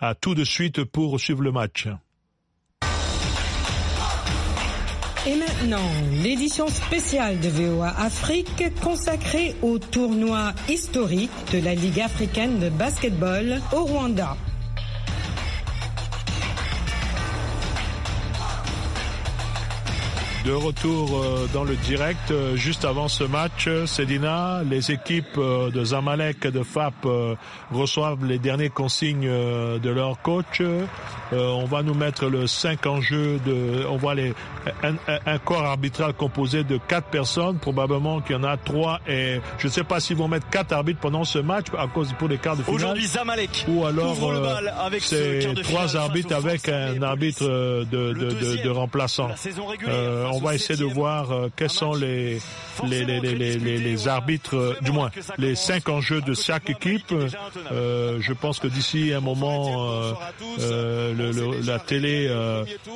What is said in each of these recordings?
À tout de suite pour suivre le match. Et maintenant, l'édition spéciale de VOA Afrique consacrée au tournoi historique de la Ligue africaine de basketball au Rwanda. de retour euh, dans le direct euh, juste avant ce match. Euh, Sedina, les équipes de Zamalek et de FAP reçoivent les derniers consignes de leur coach. On va nous mettre le 5 en jeu de, on voit les, un, corps arbitral composé de 4 personnes. Probablement qu'il y en a 3 et je ne sais pas s'ils vont mettre 4 arbitres pendant ce match à cause pour les quarts de finale. Aujourd'hui, Zamalek. Ou alors, c'est trois arbitres avec un arbitre de, de, de, remplaçant on va essayer de voir euh, quels sont les les, les, les, les, arbitres, euh, du moins les cinq enjeux de chaque équipe. Euh, je pense que d'ici un moment, la télé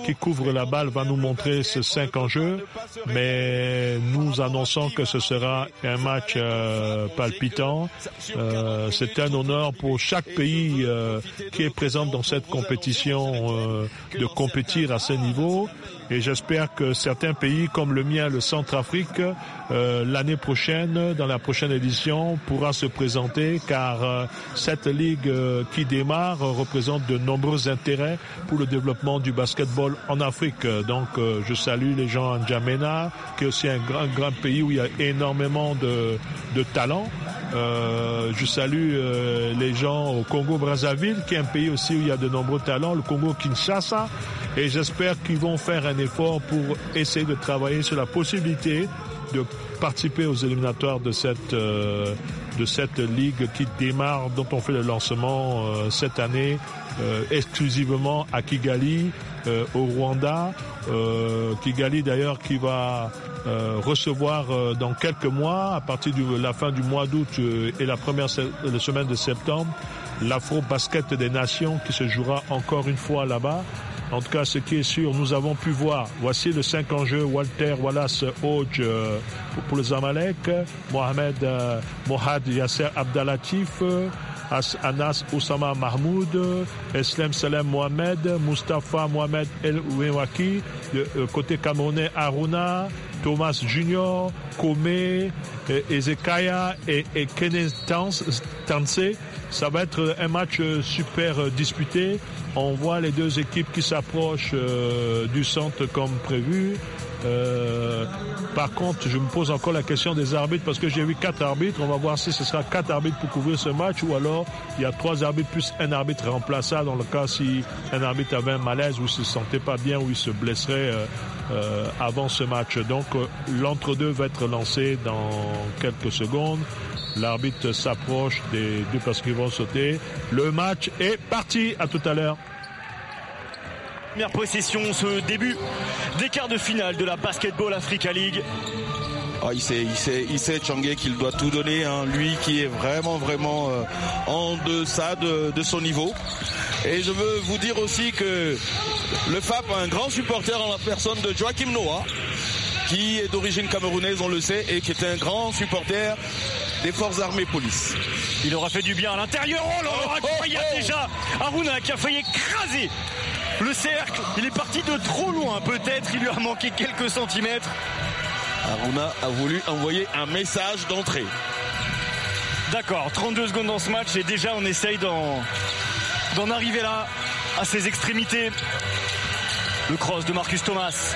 qui couvre la balle va nous montrer ces cinq enjeux, mais nous annonçons que ce sera un match palpitant. C'est un honneur pour chaque pays qui est présent dans cette compétition de compétir à ce niveau. Et j'espère que certains pays comme le mien, le Centrafrique, euh, l'année prochaine, dans la prochaine édition, pourra se présenter car euh, cette ligue euh, qui démarre représente de nombreux intérêts pour le développement du basketball en Afrique. Donc je salue les gens à qui est aussi un grand, grand pays où il y a énormément de, de talents. Euh, je salue euh, les gens au Congo-Brazzaville, qui est un pays aussi où il y a de nombreux talents, le Congo-Kinshasa. Et j'espère qu'ils vont faire un effort pour essayer de travailler sur la possibilité de participer aux éliminatoires de cette, euh, de cette ligue qui démarre, dont on fait le lancement cette année exclusivement à Kigali. Euh, au Rwanda, euh, Kigali d'ailleurs qui va euh, recevoir euh, dans quelques mois, à partir de la fin du mois d'août et la première semaine de septembre, l'Afro-Basket des Nations qui se jouera encore une fois là-bas. En tout cas, ce qui est sûr, nous avons pu voir, voici le cinq enjeux Walter Wallace Hodge pour le Zamalek Mohamed Mohad Yasser Abdalatif, Anas Oussama Mahmoud, Eslem Salem Mohamed, Mustafa Mohamed El Ouenwaki, euh, côté camerounais Aruna, Thomas Junior, Kome, euh, Ezekaya et, et Kenneth Tansé ça va être un match euh, super euh, disputé. On voit les deux équipes qui s'approchent euh, du centre comme prévu. par contre, je me pose encore la question des arbitres parce que j'ai vu quatre arbitres. On va voir si ce sera quatre arbitres pour couvrir ce match ou alors il y a trois arbitres plus un arbitre remplaçable dans le cas si un arbitre avait un malaise ou se sentait pas bien ou il se blesserait avant ce match. Donc l'entre-deux va être lancé dans quelques secondes. L'arbitre s'approche des deux parce qu'ils vont sauter. Le match est parti. À tout à l'heure. Première possession, ce début des quarts de finale de la Basketball Africa League. Ah, il sait, il sait, il sait Changé qu'il doit tout donner. Hein. Lui qui est vraiment, vraiment euh, en deçà de, son niveau. Et je veux vous dire aussi que le FAP a un grand supporter en la personne de Joachim Noah, qui est d'origine camerounaise, on le sait, et qui est un grand supporter des forces armées police. Il aura fait du bien à l'intérieur. Oh là là, il y déjà Aruna qui a failli écraser le cercle. Il est parti de trop loin peut-être. Il lui a manqué quelques centimètres. Aruna a voulu envoyer un message d'entrée. D'accord, 32 secondes dans ce match et déjà on essaye d'en arriver là, à ses extrémités. Le cross de Marcus Thomas.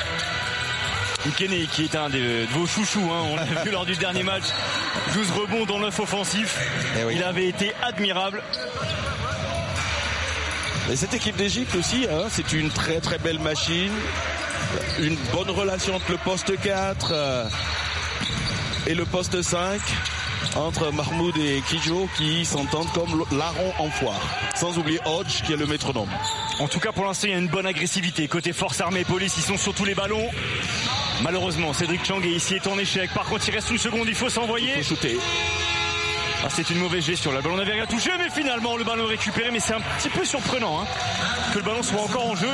Ikene qui est un de, vos chouchous, hein. on l'a vu lors du dernier match, 12 rebonds dans l'œuf offensifs, eh il avait été admirable. Et cette équipe d'Égypte aussi, hein, c'est une très très belle machine, une bonne relation entre le poste 4 euh, et le poste 5 entre Mahmoud et Kijo qui s'entendent comme l'aron en foire. Sans oublier Hodge qui est le métronome. En tout cas pour l'instant il y a une bonne agressivité. Côté force armée et police ils sont sur tous les ballons. Malheureusement, Cédric Chang est ici est en échec. Par contre, il reste une seconde, il faut s'envoyer. Ah, c'est une mauvaise gestion. Le ballon n'avait rien touché, mais finalement, le ballon est récupéré. Mais c'est un petit peu surprenant hein, que le ballon soit encore en jeu.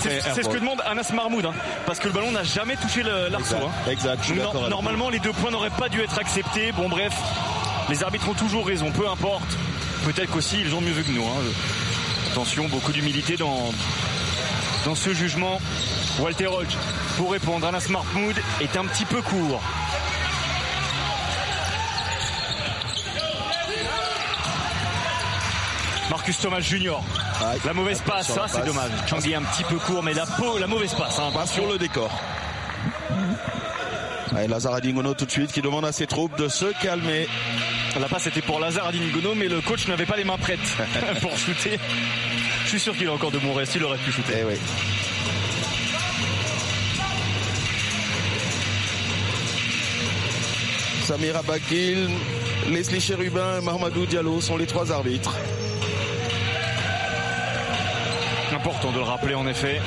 c'est ce que demande Anas Marmoud, hein, parce que le ballon n'a jamais touché l'arceau. Exact. Hein. normalement, les deux points n'auraient pas dû être acceptés. Bon, bref, les arbitres ont toujours raison, peu importe. Peut-être qu'aussi, ils ont mieux vu que nous. Euh, attention, beaucoup d'humilité dans, dans ce jugement. Walter Hodge pour répondre. à la Smart Mood est un petit peu court. Marcus Thomas Junior. la mauvaise passe, ça hein, c'est dommage. Changi est un petit peu court, mais la la mauvaise passe. Hein. pas sur le décor. Et Lazare Adingono tout de suite qui demande à ses troupes de se calmer. La passe était pour Lazare Adingono, mais le coach n'avait pas les mains prêtes pour shooter. Je suis sûr qu'il a encore de bons reste, il aurait pu shooter. Eh oui. Samira Bakil, Leslie Cherubin et Marmadou Diallo sont les trois arbitres. Important de le rappeler en effet.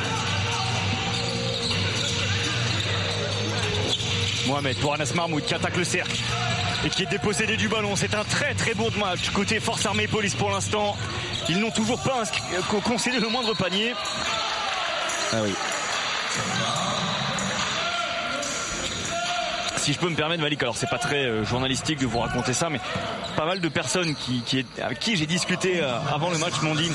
Mohamed pour Anas Marmoud qui attaque le cercle et qui est dépossédé du ballon. C'est un très très bon match côté Force Armée Police pour l'instant. Ils n'ont toujours pas euh, concédé le moindre panier. Ah oui, si je peux me permettre, Malik, alors c'est pas très euh, journalistique de vous raconter ça, mais pas mal de personnes qui, qui avec qui j'ai discuté euh, avant le match m'ont dit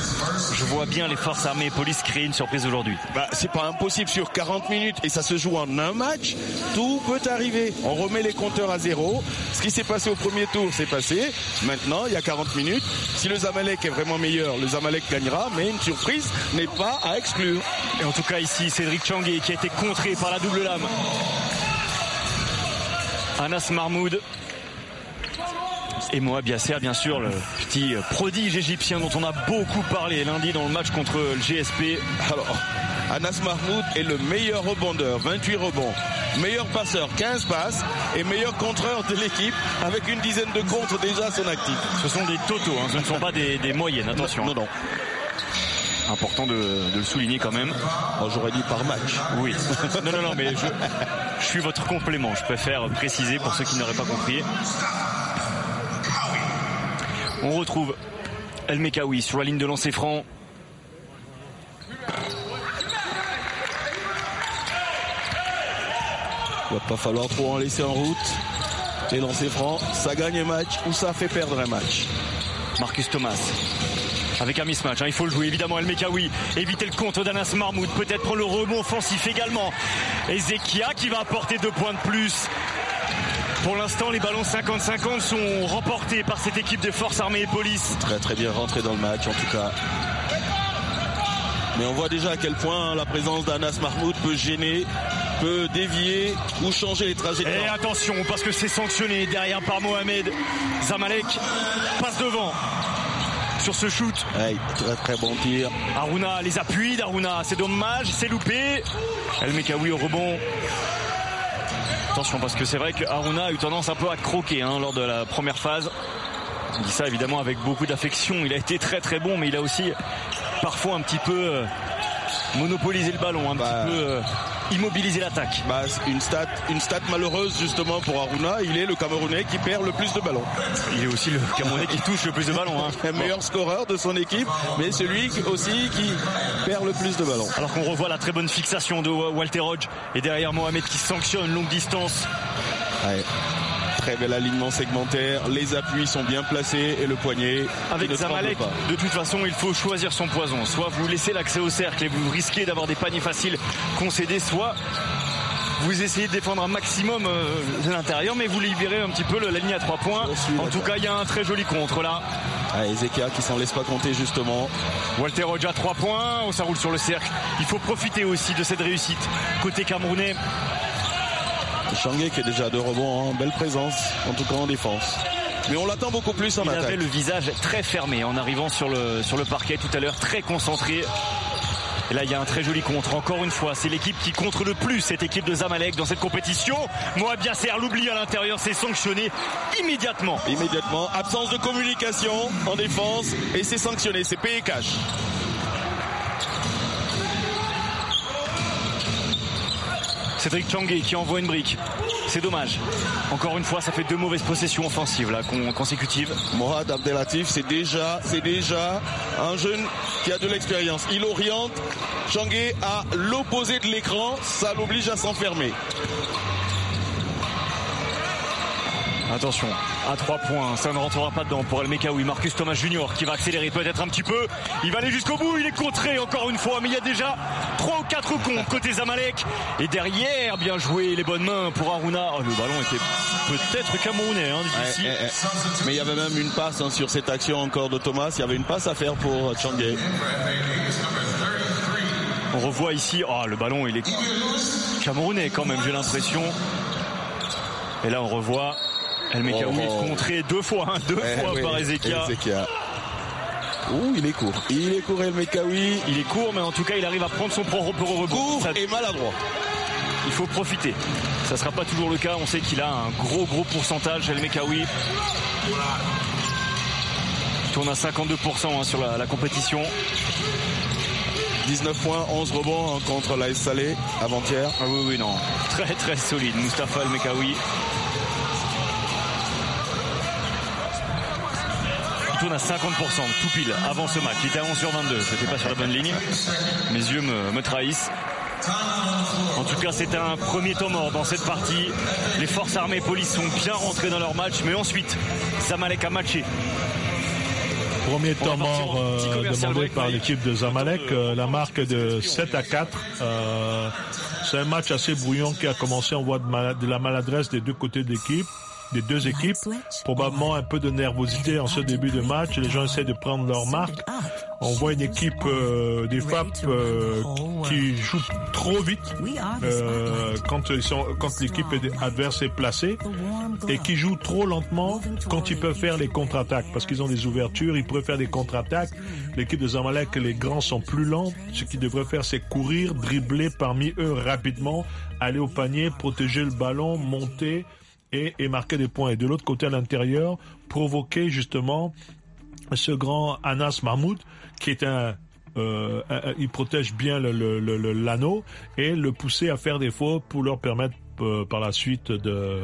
je vois bien les forces armées et police créer une surprise aujourd'hui. Bah, c'est pas impossible sur 40 minutes et ça se joue en un match. Tout peut arriver. On remet les compteurs à zéro. Ce qui s'est passé au premier tour s'est passé. Maintenant, il y a 40 minutes. Si le Zamalek est vraiment meilleur, le Zamalek gagnera, mais une surprise n'est pas à exclure. Et en tout cas ici, Cédric Changuet qui a été contré par la double lame Anas Mahmoud Et Moab Yasser, bien sûr, le petit prodige égyptien dont on a beaucoup parlé lundi dans le match contre le GSP. Alors, Anas Mahmoud est le meilleur rebondeur, 28 rebonds, meilleur passeur, 15 passes et meilleur contreur de l'équipe avec une dizaine de contres déjà à son actif. Ce sont des totaux, hein. ce ne sont pas des, moyennes, attention. non. non. Important de, le souligner quand même. Oh, j'aurais dit par match. Oui. Non, non, non, mais je, suis votre complément. Je préfère préciser pour ceux qui n'auraient pas compris. On retrouve El Mekawi sur la ligne de lancer franc. Il va pas falloir trop en laisser en route. Et lancer francs, ça gagne un match ou ça fait perdre un match. Marcus Thomas avec un mismatch. Hein, il faut le jouer évidemment El Mekawi, éviter le compte d'Anas Mahmoud peut-être prendre le rebond offensif également. Ezekia qui va apporter deux points de plus. Pour l'instant, les ballons 50-50 sont remportés par cette équipe de forces armées et police. Très très bien rentré dans le match en tout cas. Mais on voit déjà à quel point la présence d'Anas Mahmoud peut gêner, peut dévier ou changer les trajectoires. Et attention, parce que c'est sanctionné derrière par Mohamed. Zamalek passe devant sur ce shoot. très très bon tir. Aruna les appuis d'Aruna, c'est dommage, c'est loupé. met Mekawi au rebond. Attention parce que c'est vrai que Aruna a eu tendance un peu à croquer hein, lors de la première phase. Il dit ça évidemment avec beaucoup d'affection. Il a été très très bon, mais il a aussi parfois un petit peu euh, monopolisé le ballon, un bah, petit peu euh, immobiliser l'attaque. Bah, une stat, une stat malheureuse justement pour Aruna. Il est le Camerounais qui perd le plus de ballons. Il est aussi le Camerounais qui touche le plus de ballons. Hein. Le meilleur scoreur de son équipe, mais celui aussi qui perd le plus de ballons. Alors qu'on revoit la très bonne fixation de Walter Hodge et derrière Mohamed qui sanctionne longue distance. Très bel alignement segmentaire. Les appuis sont bien placés et le poignet. Avec Zamalek, de toute façon, il faut choisir son poison. Soit vous laissez l'accès au cercle et vous risquez d'avoir des paniers faciles concédés, soit vous essayez de défendre un maximum de euh, l'intérieur, mais vous libérez un petit peu la ligne à trois points. en tout cas, il y a un très joli contre là. Ah, Ezekia qui s'en laisse pas compter justement. Walter Roja 3 points, on oh, ça sur le cercle. Il faut profiter aussi de cette réussite côté camerounais. Changé qui est déjà de rebond, en hein. belle présence, en tout cas en défense. Mais on l'attend beaucoup plus en Il avait le visage très fermé en arrivant sur le, sur le parquet tout à l'heure, très concentré. Et là, il y a un très joli contre. Encore une fois, c'est l'équipe qui contre le plus, cette équipe de Zamalek dans cette compétition. Moab Yasser l'oublie à l'intérieur, c'est sanctionné immédiatement. Immédiatement. Absence de communication en défense et c'est sanctionné, c'est payé cash. E Cédric Changé qui envoie une brique. C'est dommage. Encore une fois, ça fait deux mauvaises possessions offensives là, consécutives. Mohamed Abdelatif, c'est déjà, c'est déjà un jeune qui a de l'expérience. Il oriente Changé à l'opposé de l'écran. Ça l'oblige à s'enfermer. Attention, à 3 points, ça ne rentrera pas dedans pour El Mekaoui. Marcus Thomas Junior qui va accélérer peut-être un petit peu. Il va aller jusqu'au bout, il est contré encore une fois, mais il y a déjà 3 ou 4 cons côté Zamalek. Et derrière, bien joué, les bonnes mains pour Aruna. Oh, le ballon était peut-être camerounais, hein, eh, eh. Mais il y avait même une passe hein, sur cette action encore de Thomas, il y avait une passe à faire pour Changé. On revoit ici, ah, le ballon il est camerounais quand même, j'ai l'impression. Et là on revoit El Mekaoui est deux fois, hein, deux eh fois par Ezekia. il est court. Il est court, El Mekaoui. Il est court, mais en tout cas, il arrive à prendre son propre rebond. Court et maladroit. Il faut profiter. Ça sera pas toujours le cas. On sait qu'il a un gros, gros pourcentage, El Mekaoui. Il tourne à 52% hein, sur la, compétition. 19 points, 11 rebonds hein, contre la Salé avant-hier. Ah oui, oui, non. Très, très solide. Mustapha El Mekaoui. tourne à 50%, tout pile, avant ce match. Il était à 11 sur 22, c'était pas sur la bonne ligne. Mes yeux me, trahissent. En tout cas, c'était un premier temps mort dans cette partie. Les forces armées et police sont bien rentrées dans leur match, mais ensuite, Zamalek a matché. Premier temps mort euh, demandé par l'équipe de Zamalek, euh, la marque de 7 à 4. Euh, c'est un match assez brouillon qui a commencé en voie de la maladresse des deux côtés de l'équipe des deux équipes. Probablement un peu de nervosité en ce début de match. Les gens essaient de prendre leur marque. On voit une équipe euh, des FAP euh, qui joue trop vite euh, quand, ils sont, quand l'équipe adverse est placée et qui joue trop lentement quand ils peuvent faire les contre-attaques parce qu'ils ont des ouvertures, ils peuvent faire des contre-attaques. L'équipe de Zamalek, les grands sont plus lents. Ce qu'ils devraient faire, c'est courir, dribbler parmi eux rapidement, aller au panier, protéger le ballon, monter et, et marquer des points. Et de l'autre côté, à l'intérieur, provoquer justement ce grand Anas Mahmoud, qui est un euh, il protège bien l'anneau le, le, et le pousser à faire des fautes pour leur permettre euh, par la suite de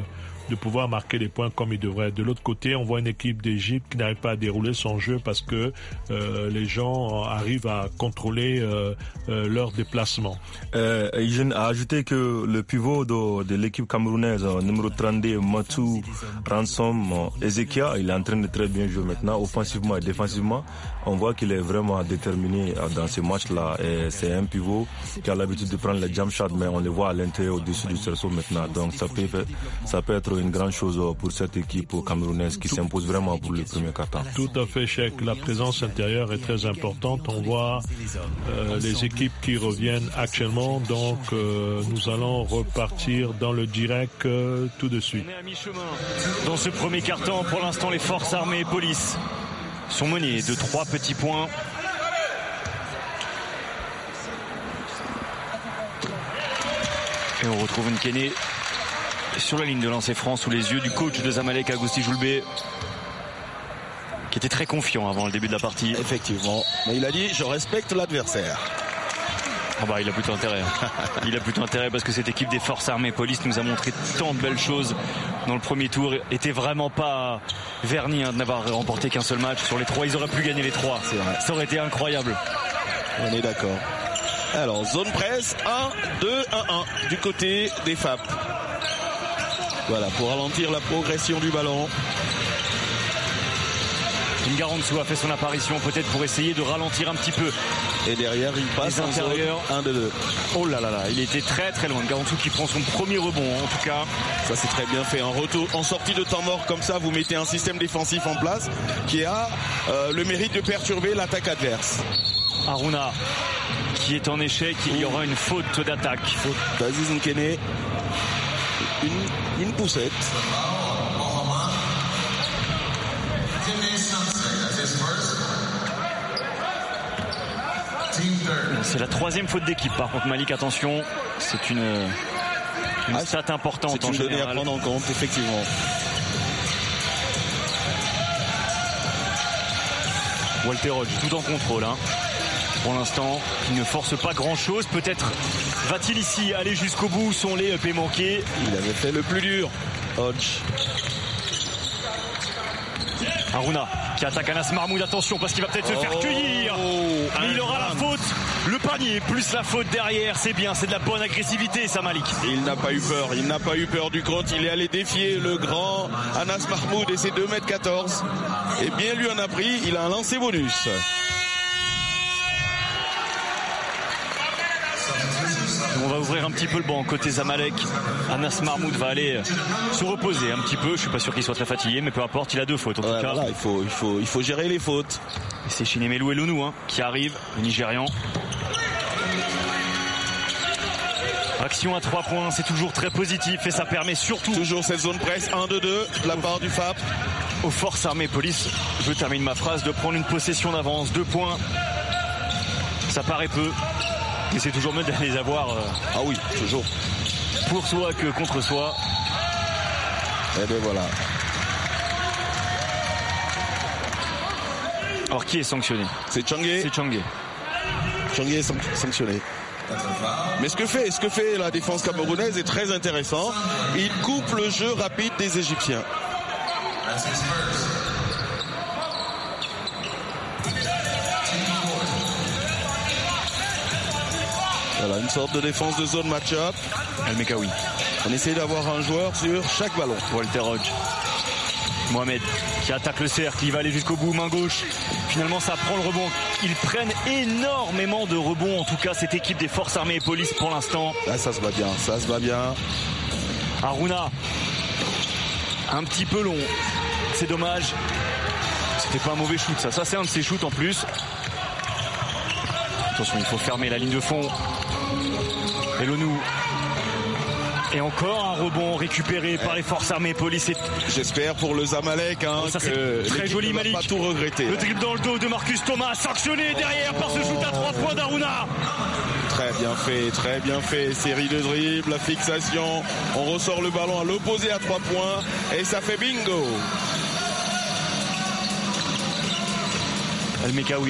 de pouvoir marquer les points comme il devrait. De l'autre côté, on voit une équipe d'Égypte qui n'arrive pas à dérouler son jeu parce que euh, les gens arrivent à contrôler euh, euh, leur déplacement. Euh, a ajouté que le pivot de, l'équipe camerounaise, numéro 32, Matou Ransom Ezekia, il est en train de très bien jouer maintenant, offensivement et défensivement. On voit qu'il est vraiment déterminé dans ces matchs-là. C'est un pivot qui a l'habitude de prendre les jump shots, mais on le voit à l'intérieur, au-dessus du cerceau maintenant. Donc ça peut, ça peut être une grande chose pour cette équipe camerounaise qui s'impose vraiment pour le premier carton. Tout à fait, Cheikh. La présence intérieure est très importante. On voit euh, les équipes qui reviennent actuellement. Donc, euh, nous allons repartir dans le direct euh, tout de suite. Dans ce premier carton, pour l'instant, les forces armées et police sont menées de trois petits points. Et on retrouve une Kenny sur la ligne de lancer France sous les yeux du coach de Zamalek, Agusti Joulbé qui était très confiant avant le début de la partie. Effectivement. Mais il a dit je respecte l'adversaire. Ah bah, il a plutôt intérêt. Hein. Il a plutôt intérêt parce que cette équipe des forces armées police nous a montré tant de belles choses dans le premier tour. Était vraiment pas verni hein, de n'avoir remporté qu'un seul match sur les trois. Ils auraient pu gagner les trois. Ça aurait été incroyable. On est d'accord. Alors, zone presse, 1, 2, 1, 1 du côté des FAP. Voilà, pour ralentir la progression du ballon. Ngarantzou a fait son apparition peut-être pour essayer de ralentir un petit peu. Et derrière, il passe à l'intérieur. 1 de 2. Oh là là là, il était très très loin. Ngarantzou qui prend son premier rebond en tout cas. Ça c'est très bien fait. En retour, en sortie de temps mort comme ça, vous mettez un système défensif en place qui a euh, le mérite de perturber l'attaque adverse. Aruna qui est en échec, il y aura une faute d'attaque. Faute d'Aziz une, poussette. C'est la troisième faute d'équipe par contre Malik attention c'est une, une ah, stat importante c'est prendre en compte effectivement Walter Hodge tout en contrôle hein, pour l'instant il ne force pas grand chose peut-être Va-t-il ici aller jusqu'au bout Sont les EP manqués Il avait fait le plus dur. Hodge. Aruna qui attaque Anas Marmoud. Attention parce qu'il va peut-être se faire oh. cueillir. il aura la faute. Le panier plus la faute derrière. C'est bien. C'est de la bonne agressivité, ça Il n'a pas eu peur. Il n'a pas eu peur du crotte. Il est allé défier le grand Anas Mahmoud et ses 2m14. Et bien lui en a pris. Il a un lancé bonus. on va ouvrir un petit peu le banc côté Zamalek. Anas Marmoud va aller se reposer un petit peu. Je suis pas sûr qu'il soit très fatigué, mais peu importe, il a deux fautes en tout cas. il, faut, gérer les fautes. Et c'est Chinemelou et Lounou hein, qui arrive, le Nigérian. Action à 3 points, c'est toujours très positif et ça permet surtout. Toujours cette zone presse, 1-2-2 de la part du FAP. Aux forces armées police, je termine ma phrase, de prendre une possession d'avance, Deux points. Ça paraît peu, et c'est toujours mieux de les avoir. Euh, ah oui, toujours. Pour soi que contre soi. Et eh bien voilà. Alors qui est sanctionné C'est Changé. C'est Changé. Changé est sanctionné. Mais ce que fait, ce que fait la défense camerounaise est très intéressant. Il coupe le jeu rapide des Égyptiens. Voilà, une sorte de défense de zone match-up. Mekawi On essaie d'avoir un joueur sur chaque ballon. Walter Hodge. Mohamed qui attaque le cercle, il va aller jusqu'au bout, main gauche. Finalement, ça prend le rebond. Ils prennent énormément de rebonds, en tout cas, cette équipe des forces armées et police pour l'instant. Là, ah, ça se va bien, ça se va bien. Aruna, un petit peu long. C'est dommage. C'était pas un mauvais shoot, ça. Ça, c'est un de ses shoots en plus. Attention, il faut fermer la ligne de fond. Et l'ONU. Et encore un rebond récupéré par les forces armées, policières. J'espère pour le Zamalek hein, que très joli Malik. Pas tout regretter. Le dribble dans le dos de Marcus Thomas, sanctionné derrière par ce shoot à 3 points d'Aruna. Très bien fait, très bien fait. Série de dribbles, la fixation. On ressort le ballon à l'opposé à 3 points et ça fait bingo.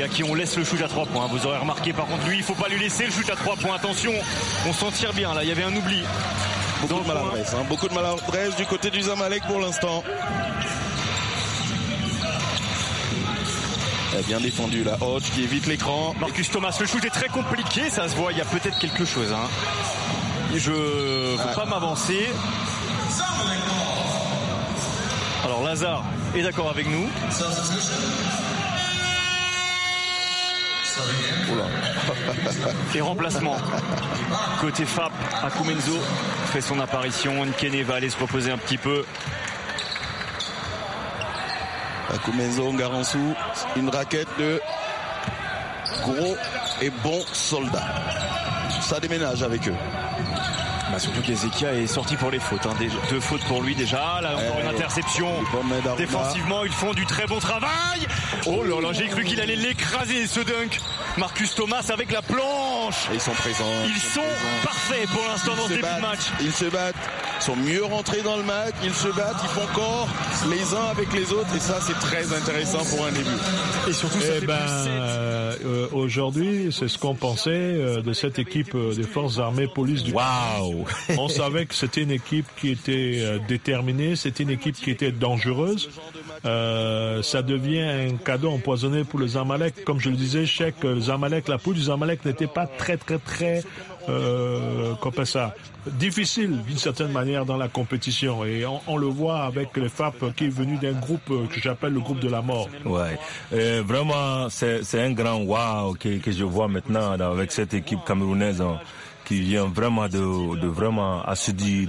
à qui on laisse le shoot à 3 points. Vous aurez remarqué par contre lui, il ne faut pas lui laisser le shoot à 3 points. Attention, on s'en tire bien là, il y avait un oubli. Beaucoup de maladresse, hein. beaucoup de maladresse du côté du Zamalek pour l'instant. Bien défendu la Hodge qui évite l'écran. Marcus Thomas, le shoot est très compliqué, ça se voit, il y a peut-être quelque chose. Hein. Je ne veux pas m'avancer. Alors Lazare est d'accord avec nous. Et remplacement. Côté FAP, Akumenzo fait son apparition. Nkené va aller se reposer un petit peu. Akumenzo Garansou, une raquette de gros et bons soldats. Ça déménage avec eux. Bah surtout qu'Ezekia est sorti pour les fautes. Hein. deux fautes pour lui déjà. Là, encore une interception. Défensivement, ils font du très bon travail. Oh là là, j'ai cru qu'il allait l'écraser ce dunk. Marcus Thomas avec la planche ils sont présents. Ils, sont, parfaits pour l'instant dans ce début de match. Ils se battent, ils sont mieux rentrés dans le match, ils se battent, ils font corps les uns avec les autres et ça c'est très intéressant pour un début. Et surtout eh ben, euh, euh, aujourd'hui c'est ce qu'on pensait euh, de cette équipe des forces armées police du Wow. On savait que c'était une équipe qui était déterminée, c'était une équipe qui était dangereuse. Euh, ça devient un cadeau empoisonné pour les Amalek. Comme je le disais, chaque euh, les la peau du Zamalek n'était pas très, très, très, euh, ça, difficile d'une certaine manière dans la compétition. Et on, le voit avec les FAP qui est venu d'un groupe euh, que j'appelle le groupe de la mort. Ouais. vraiment, c'est un grand wow que, que je vois maintenant avec cette équipe camerounaise. Hein qui vient vraiment de, de vraiment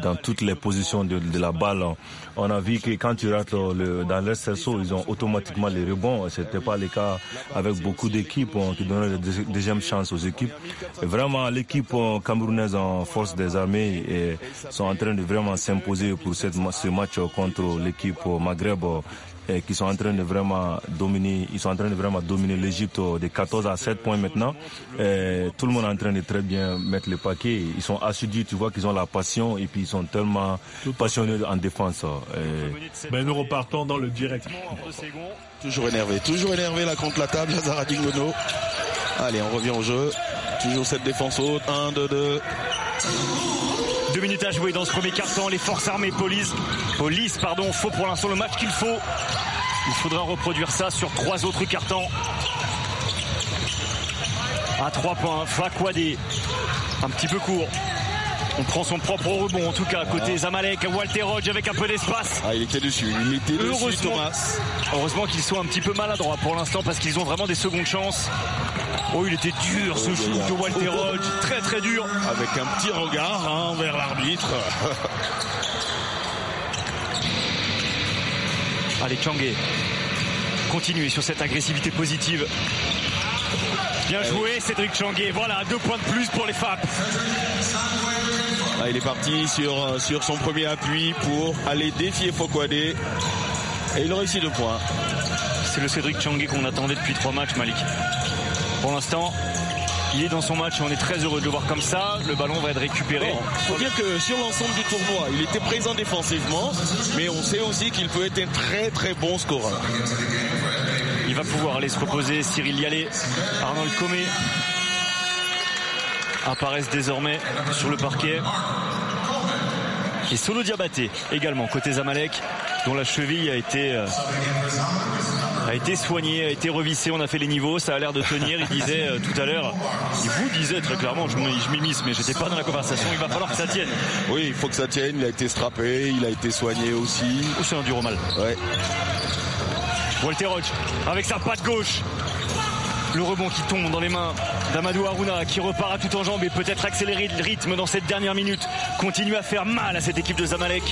dans toutes les positions de, la balle. On a vu que quand tu rates le, dans leur ils ont automatiquement les rebonds. C'était pas le cas avec beaucoup d'équipes hein, qui donnaient la deuxième chance aux équipes. vraiment, l'équipe euh, camerounaise en force des armées et sont en train de vraiment s'imposer pour cette, ce match contre l'équipe euh, Maghreb qui sont en train de vraiment dominer, ils sont en train de vraiment dominer l'Egypte de 14 à 7 points maintenant. tout le monde est en train de très bien mettre le paquet. Ils sont assidus, tu vois qu'ils ont la passion et puis ils sont tellement passionnés en défense. Mais hein. Ben nous repartons dans le direct. Toujours énervé, toujours énervé la contre la table, Lazara Dingono. Allez, on revient au jeu. Toujours cette défense haute. 1, 2, 2. Deux minutes à jouer dans ce premier carton. Les forces armées police, police pardon, faut pour l'instant le match qu'il faut. Il faudra reproduire ça sur trois autres cartons. À trois points, Fakwadi. Un petit peu court. On prend son propre rebond en tout cas, côté ah. Zamalek, Walter Rodge avec un peu d'espace. Ah, il était dessus, il était dessus, heureusement, Thomas. Heureusement qu'ils sont un petit peu maladroits pour l'instant parce qu'ils ont vraiment des secondes chances. Oh, il était dur ce oh, shoot de Walter Hodge, très très dur, avec un petit regard hein, vers l'arbitre. Allez, Changé continuez sur cette agressivité positive. Bien eh joué Cédric Changé voilà deux points de plus pour les FAP. Ah, il est parti sur, euh, sur son premier appui pour aller défier Fouquade. Et il réussit deux points. C'est le Cédric Changé qu'on attendait depuis trois matchs Malik. Pour l'instant, il est dans son match et on est très heureux de le voir comme ça. Le ballon va être récupéré. Il faut dire que sur l'ensemble du tournoi, il était présent défensivement, mais on sait aussi qu'il peut être un très très bon scoreur. Il va pouvoir aller se reposer. Cyril Yalé, Arnaud Comé apparaissent désormais sur le parquet. Et Solo Diabaté également, côté Zamalek, dont la cheville a été euh, a été soigné, a été revissé, on a fait les niveaux, ça a l'air de tenir. Il disait euh, tout à l'heure, il vous disait très clairement, je m'immisce, mais j'étais pas dans la conversation, il va falloir que ça tienne. Oui, il faut que ça tienne, il a été strappé, il a été soigné aussi. Oh, c'est un dur mal. Ouais. Walter avec sa patte gauche. Le rebond qui tombe dans les mains d'Amadou Aruna qui repart à tout en jambes et peut-être accélérer le rythme dans cette dernière minute. Continue à faire mal à cette équipe de Zamalek.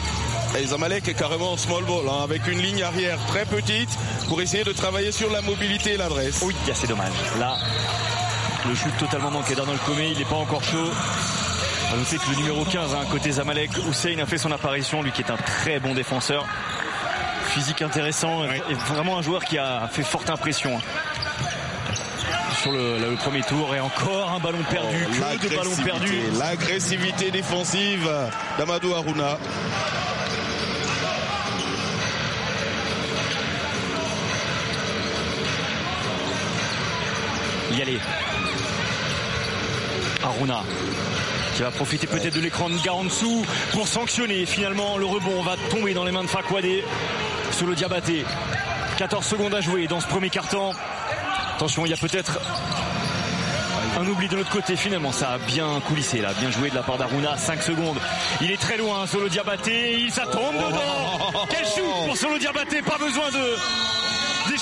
Et Zamalek est carrément en small ball, hein, avec une ligne arrière très petite pour essayer de travailler sur la mobilité et l'adresse. Oui, ah, c'est dommage. Là, le chute totalement manqué d'Arnold Comé, il n'est pas encore chaud. Ah, on sait que le numéro 15, hein, côté Zamalek, Hussein a fait son apparition, lui qui est un très bon défenseur. Physique intéressant et vraiment un joueur qui a fait forte impression. Hein. Sur le, premier tour et encore un ballon perdu, oh, de ballons perdus. L'agressivité défensive d'Amadou Aruna. Aruna qui va profiter peut-être de l'écran de dessous pour sanctionner. Finalement, le rebond va tomber dans les mains de Fakwade. sous le Diabaté. 14 secondes à jouer dans ce premier carton. Attention, il y a peut-être un oubli de l'autre côté. Finalement, ça a bien coulissé là, bien joué de la part d'Aruna. 5 secondes. Il est très loin, sur le Diabaté. Il s'attend dedans. Quel shoot pour le Diabaté. Pas besoin de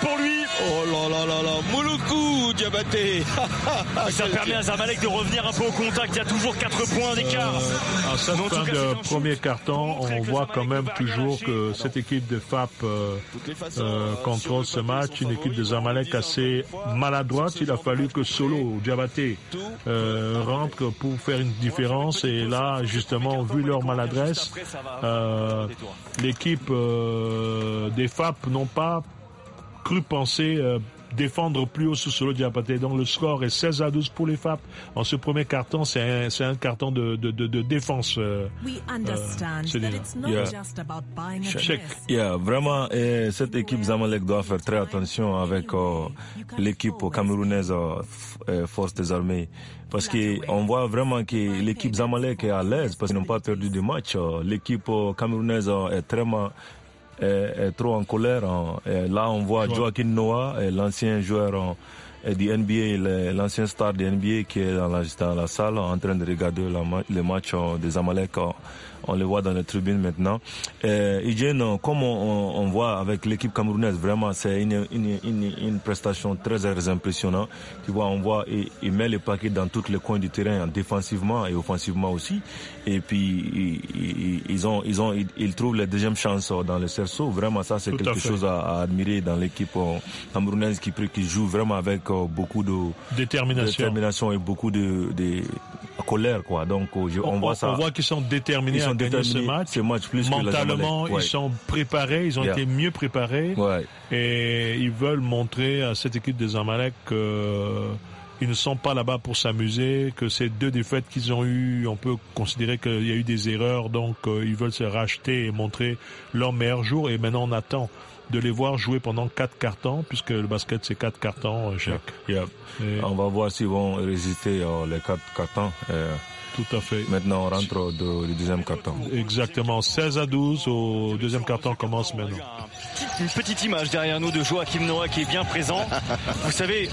pour lui. Oh là là là là. Moloku, Diabaté. ça permet à Zamalek de revenir un peu au contact. Il y a toujours 4 points d'écart. Euh, à cette fin de premier carton, on voit quand même toujours que cette équipe de FAP contrôle ce match. Une équipe de Zamalek assez maladroite. Il a fallu que Solo, Diabaté, euh, rentre pour faire une différence. Et là, justement, vu leur maladresse, euh, l'équipe euh, des FAP n'ont pas cru penser euh, défendre plus haut sous le Diapaté. Donc le score est 16 à 12 pour les FAP. En ce premier carton, c'est un, carton de, de, de, de défense. Euh, euh, yeah. vraiment, cette équipe Zamalek doit faire très attention avec l'équipe camerounaise Force des Armées. Parce qu'on voit vraiment que l'équipe Zamalek est à l'aise parce qu'ils n'ont pas perdu de match. L'équipe camerounaise est très, est, trop en colère. Hein. Là, on voit Joaquin Noah, l'ancien joueur hein, euh, du NBA, l'ancien star du NBA qui est dans la, salle en train de regarder le match euh, des Amalek. Euh, on le voit dans les tribunes maintenant. Euh, comme on, voit avec l'équipe camerounaise, vraiment, c'est une, une, une, prestation très, impressionnante. Tu vois, on voit, il, il met les paquets dans tous les coins du terrain, hein, défensivement et offensivement aussi. Et puis, ils, ont, ils ont, ils, trouvent la deuxième chance dans le cerceau. Vraiment, ça, c'est quelque chose à, à, admirer dans l'équipe camerounaise qui, qui joue vraiment avec beaucoup de détermination, et beaucoup de, colère quoi. Donc euh, on, voit qu'ils sont déterminés à ce match. plus Mentalement, ils sont préparés, ils ont été mieux préparés et ils veulent montrer à cette équipe des Amalek que ils ne sont pas là-bas pour s'amuser, que ces deux défaites qu'ils ont eues, on peut considérer qu'il y a eu des erreurs, donc euh, ils veulent se racheter et montrer leur meilleur jour. Et maintenant, on attend de les voir jouer pendant quatre cartons, puisque le basket, c'est quatre cartons euh, chaque. On va voir s'ils vont résister aux euh, les quatre cartons. Tout à fait. Maintenant, on rentre au deuxième carton. Exactement. 16 à 12 au deuxième carton commence maintenant. Une petite image derrière nous de Joachim Noah qui est bien présent. Vous savez,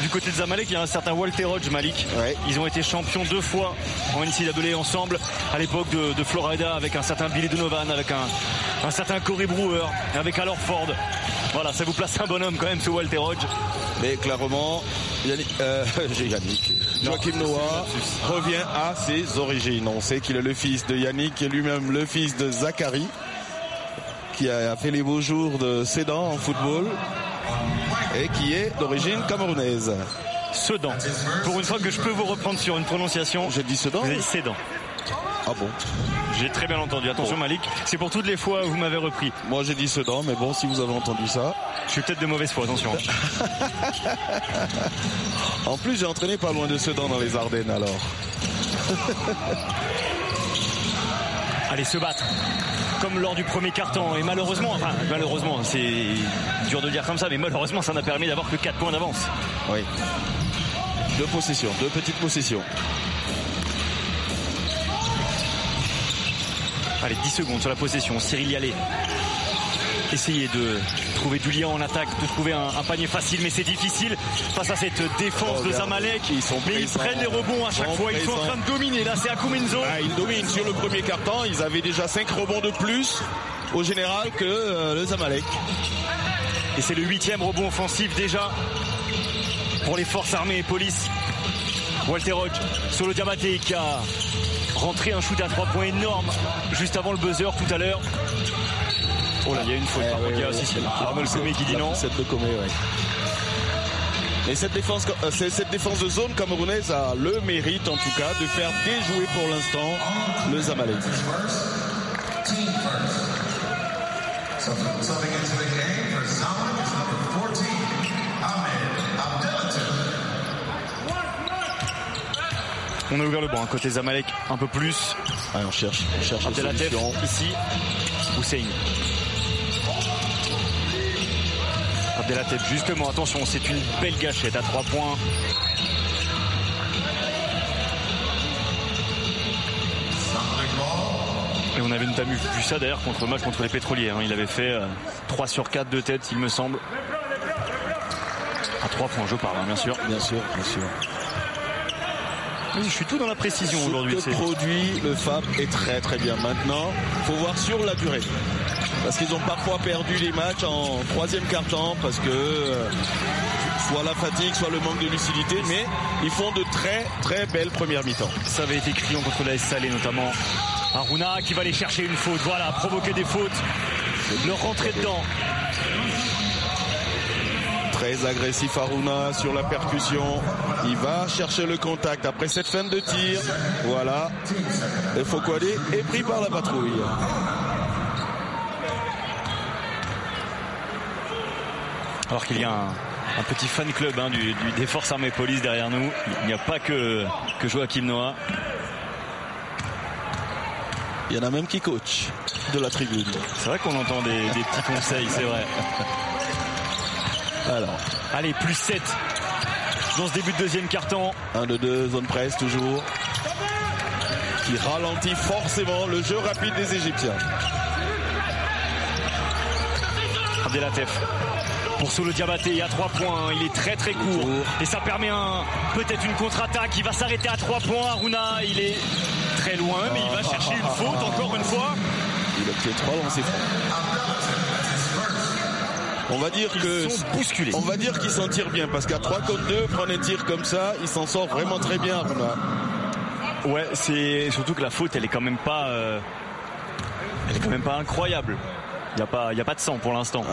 du côté de Zamalek, il y a un certain Walter Rodge Malik. Ils ont été champions deux fois en NCAA ensemble à l'époque de, Florida avec un certain Billy Donovan, avec un, certain Corey Brewer, avec alors Ford. Voilà, ça vous place un bonhomme quand même ce Walter Rodge. Mais clairement, Yannick, euh, Yannick. Joachim Noah revient à ses origines. On sait qu'il est le fils de Yannick et lui-même le fils de Zachary qui a fait les beaux jours de Sedan en football et qui est d'origine camerounaise. Sedan. Pour une fois que je peux vous reprendre sur une prononciation. J'ai dit Sedan Vous avez Sedan. Ah bon J'ai très bien entendu. Attention Malik, c'est pour toutes les fois où vous m'avez repris. Moi j'ai dit Sedan, mais bon, si vous avez entendu ça. Je suis peut-être de mauvaise foi, attention. en plus, j'ai entraîné pas loin de Sedan dans les Ardennes alors. Allez, se battre comme lors du premier carton. Et malheureusement, enfin, malheureusement, c'est dur de dire comme ça, mais malheureusement, ça n'a permis d'avoir que 4 points d'avance. Oui. Deux possessions, deux petites possessions. Allez, 10 secondes sur la possession. Cyril Yalé essayer de trouver du lien en attaque, de trouver un, panier facile, mais c'est difficile face à cette défense de oh, Zamalek. Ils sont mais ils prennent les rebonds à chaque fois. Ils sont en train de dominer. Là, c'est Akumenzo. Ah, ils dominent sur le premier carton. Ils avaient déjà 5 rebonds de plus au général que euh, le Zamalek. Et c'est le huitième rebond offensif déjà pour les forces armées et police. Walter Rock sur le qui a rentré un shoot à 3 points énorme juste avant le buzzer tout à l'heure. Oh là, il y a une faute. par eh contre, qui dit non. Cette Et cette défense, euh, cette défense de zone camerounaise a le mérite en tout cas de faire déjouer pour l'instant le Zamalek. On a ouvert le banc, hein, côté Zamalek un peu plus. Allez, on cherche, on cherche. tête ici, Hussein. la tête. Justement, attention, c'est une belle gâchette à trois points. Et on avait une vu ça d'ailleurs contre le match contre les pétroliers. Hein. Il avait fait 3 euh, sur 4 de tête, il me semble. À trois points, je parle, hein, bien sûr. Bien sûr, bien sûr. je suis tout dans la précision aujourd'hui. Le produit, le FAP est très très bien. Maintenant, faut voir sur la durée parce qu'ils ont parfois perdu les matchs en troisième quart-temps parce que euh, soit la fatigue, soit le manque de lucidité, mais ils font de très très belles premières mi-temps. Ça avait été criant contre la Salé notamment. Aruna qui va aller chercher une faute, voilà, provoquer des fautes, le rentrer dedans. Très agressif Aruna sur la percussion. Il va chercher le contact après cette fin de tir. Voilà. Et Fokwadi est pris par la patrouille. Alors qu'il y a un, petit fan club hein, des forces armées police derrière nous. Il n'y a pas que, que Joachim Noah. Il y en a même qui coach de la tribune. C'est vrai qu'on entend des, petits conseils, c'est vrai. Alors. Allez, plus 7 dans ce début de deuxième carton. 1 de 2, zone presse toujours. Qui ralentit forcément le jeu rapide des Égyptiens. Abdelatef pour Solo Diabaté. Il y a 3 points. Hein. Il est très très court. Et ça permet un, peut-être une contre-attaque. Il va s'arrêter à 3 points. Aruna, il est très loin, mais il va chercher une faute encore une fois. Il pris 3 dans ses on va dire ils sont bousculés. on va dire qu'il s'en tire bien parce qu'à 3 contre 2 prendre un tir comme ça il s'en sort vraiment très bien Aruna. ouais c'est surtout que la faute elle est quand même pas euh, elle est quand même pas incroyable il n'y a, pas, y a pas de sang pour l'instant.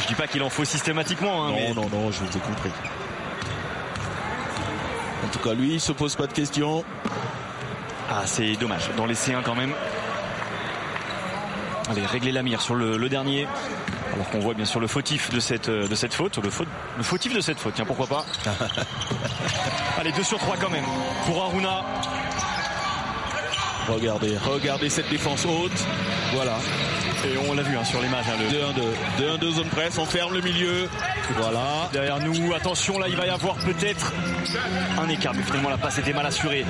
je dis pas qu'il en faut systématiquement. Hein, non, non, non, je vous ai compris. En tout cas, lui, il se pose pas de questions. Ah, c'est dommage. Dans les C1 quand même. Allez, régler la mire sur le, dernier. Alors qu'on voit bien sûr le fautif de cette, euh, de cette faute. Le, faute. le fautif de cette faute, tiens, pourquoi pas. Allez, 2 sur 3 quand même. Pour Aruna, Regardez, regardez cette défense haute. Voilà. Et on l'a vu hein, sur l'image. Hein, le... 2-1-2. 2-1-2 zone presse, on ferme le milieu. Voilà. Derrière nous, attention, là il va y avoir peut-être un écart. Mais finalement la passe était mal assurée.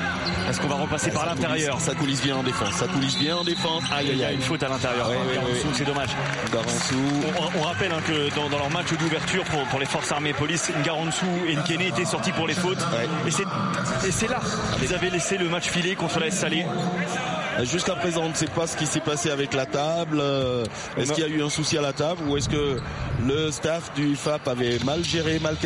Est-ce qu'on va repasser par l'intérieur. Ça coulisse bien en défense. Ça coulisse bien en défense. il y a Une faute à l'intérieur. Ah hein, c'est dommage. On, on, rappelle hein, que dans, leur match d'ouverture pour, pour, les forces armées et police, Ngaronsu et Nkene étaient sortis pour les fautes. Et c'est là ils avaient laissé le match filer contre la S Salé. Jusqu'à présent, on ne sait pas ce qui s'est passé avec la table. Euh, est-ce qu'il y a eu un souci à la table ou est-ce que le staff du FAP avait mal géré, mal calculé